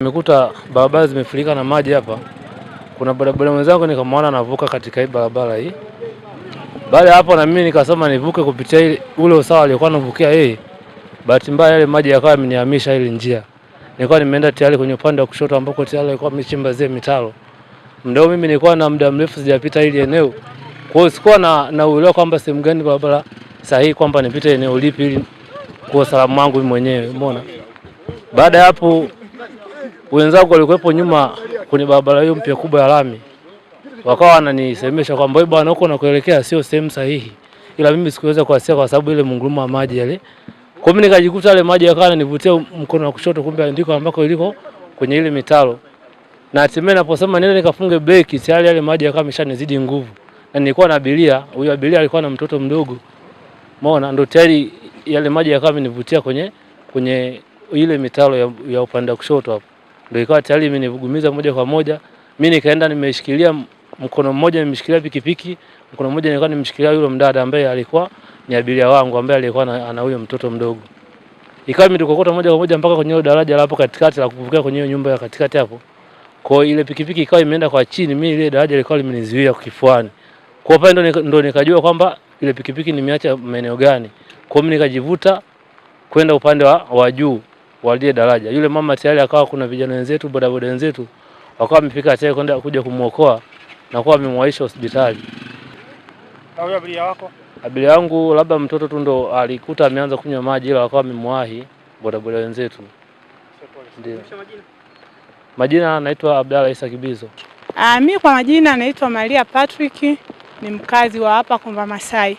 Nimekuta barabara zimefurika na maji hapa. Kuna bodaboda mwenzangu nikamwona anavuka katika hii barabara hii. Baada hapo na mimi nikasema nivuke kupitia ile ule usawa aliyokuwa anavukia yeye. Bahati mbaya yale maji yakawa yamenihamisha ile njia. Nilikuwa nimeenda tayari kwenye upande wa kushoto ambako tayari alikuwa amechimba zile mitaro. Muda mimi nilikuwa na muda mrefu sijapita ile eneo. Kwa hiyo sikuwa na na uelewa kwamba sehemu gani barabara sahihi kwamba nipite eneo lipi ili kwa usalama wangu mwenyewe, umeona? Baada hapo wenzangu walikuwepo nyuma kwenye barabara hiyo mpya kubwa ya lami, wakawa wananisemesha kwamba wewe bwana, huko nakuelekea sio sehemu sahihi, ila mimi sikuweza kuasia kwa sababu ile mngurumo wa maji yale. Kwa mimi nikajikuta ile maji yakawa yananivutia mkono wa kushoto, kumbe ndiko ambako iliko kwenye ile mitaro, na hatimaye naposema nile nikafunge breki, tayari yale maji yakawa yameshanizidi nguvu, na nilikuwa na abiria. Huyo abiria alikuwa na mtoto mdogo, umeona, ndo tayari yale maji yakawa yamenivutia kwenye kwenye ile mitaro ya, ya upande wa kushoto hapo ndio ikawa tayari imenivugumiza moja kwa moja. Mi nikaenda nimeshikilia mkono mmoja nimeshikilia pikipiki, mkono mmoja nilikuwa nimeshikilia yule mdada ambaye alikuwa ni abiria wangu ambaye alikuwa ana huyo mtoto mdogo. Ikawa imetukokota moja kwa moja mpaka kwenye ile daraja la hapo katikati la kuvukia kwenye nyumba ya katikati hapo. Kwa ile pikipiki ikawa imeenda kwa chini, mimi ile daraja ilikuwa limenizuia kifuani. Kwa pale ndo ndo nikajua kwamba ile pikipiki nimeacha maeneo gani. Kwa mimi nikajivuta kwenda upande wa, wa juu walie daraja. Yule mama tayari akawa kuna vijana wenzetu bodaboda wenzetu wakawa wamefika tayari kwenda kuja kumwokoa na kuwa amemwaisha hospitali. Huyo abiria wako? Abiria wangu labda mtoto tu ndo alikuta ameanza kunywa maji, ila wakawa amemwahi bodaboda wenzetu. Ndio. Majina anaitwa Abdalla Isa Kibizo. Ah, mimi kwa majina anaitwa Maria Patrick, ni mkazi wa hapa Kumba Masai.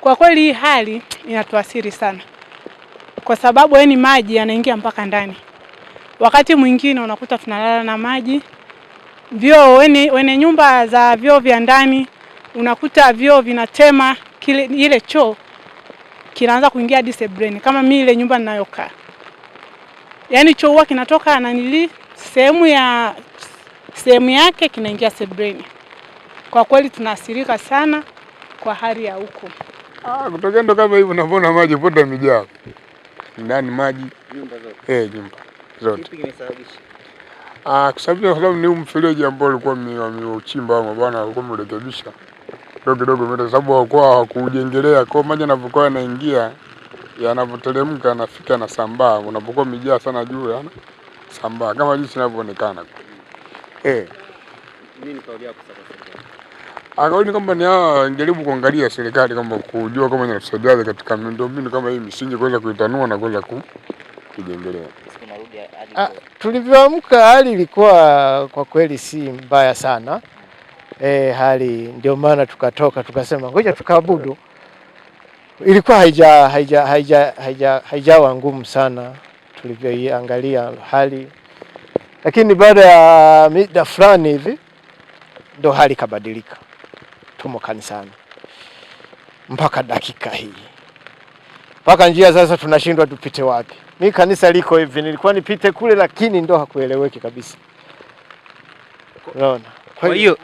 Kwa kweli hii hali inatuasiri sana kwa sababu yani maji yanaingia mpaka ndani. Wakati mwingine unakuta tunalala na maji vyoo, yaani wenye nyumba za vyoo vya ndani unakuta vyoo vinatema kile, ile choo kinaanza kuingia hadi sebreni. Kama mimi ile nyumba ninayokaa, yaani choo huwa kinatoka nili sehemu ya sehemu yake kinaingia sebreni. Kwa kweli tunaathirika sana kwa hali ya huko. Ah, kutokea ndo kama hivyo, unavona maji pote mijaa ndani maji nyumba zote, eh, nyumba zote. Kipi kimesababisha? Ah, kusababisha kwa sababu ni mfereji ambao ulikuwa wameuchimba wao bwana, walikuwa wamerekebisha kidogo kidogo, kwa sababu hawakuwa hawakujengelea kwa maji yanapokuwa yanaingia yanavyoteremka nafika na sambaa, unapokuwa umejaa sana juu yana sambaa kama jinsi inavyoonekana. Eh, nini kauli yako sasa? Akaoni kama ni hawa jaribu kuangalia serikali kama kujua kama inatusaidiaje katika miundombinu kama hii misingi kuweza kuitanua na kuweza kuijengelea. Ah, tulivyoamka hali ilikuwa kwa kweli si mbaya sana e, hali ndio maana tukatoka tukasema ngoja tukaabudu. Ilikuwa haija haija haija haijawa ngumu sana tulivyoiangalia hali, lakini baada ya mida fulani hivi ndo hali ikabadilika tumo kanisani mpaka dakika hii, mpaka njia sasa tunashindwa tupite wapi. Mi kanisa liko hivi, nilikuwa nipite kule, lakini ndo hakueleweki kabisa. Unaona, kwa hiyo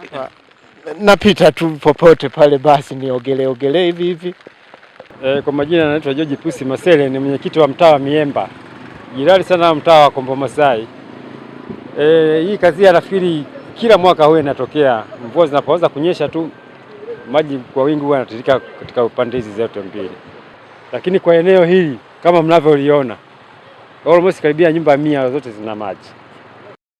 napita tu popote pale, basi niogelee ogele hivi hivi. E, kwa majina naitwa George Pusi Masele, ni mwenyekiti wa mtaa wa Miemba, jirani sana na mtaa wa Kombo Masai. E, hii kazi nafikiri kila mwaka huwa inatokea, mvua zinapoanza kunyesha tu maji kwa wingi huwa yanatiririka katika upande hizi zote mbili, lakini kwa eneo hili kama mnavyoliona almost karibia nyumba mia zote zina maji.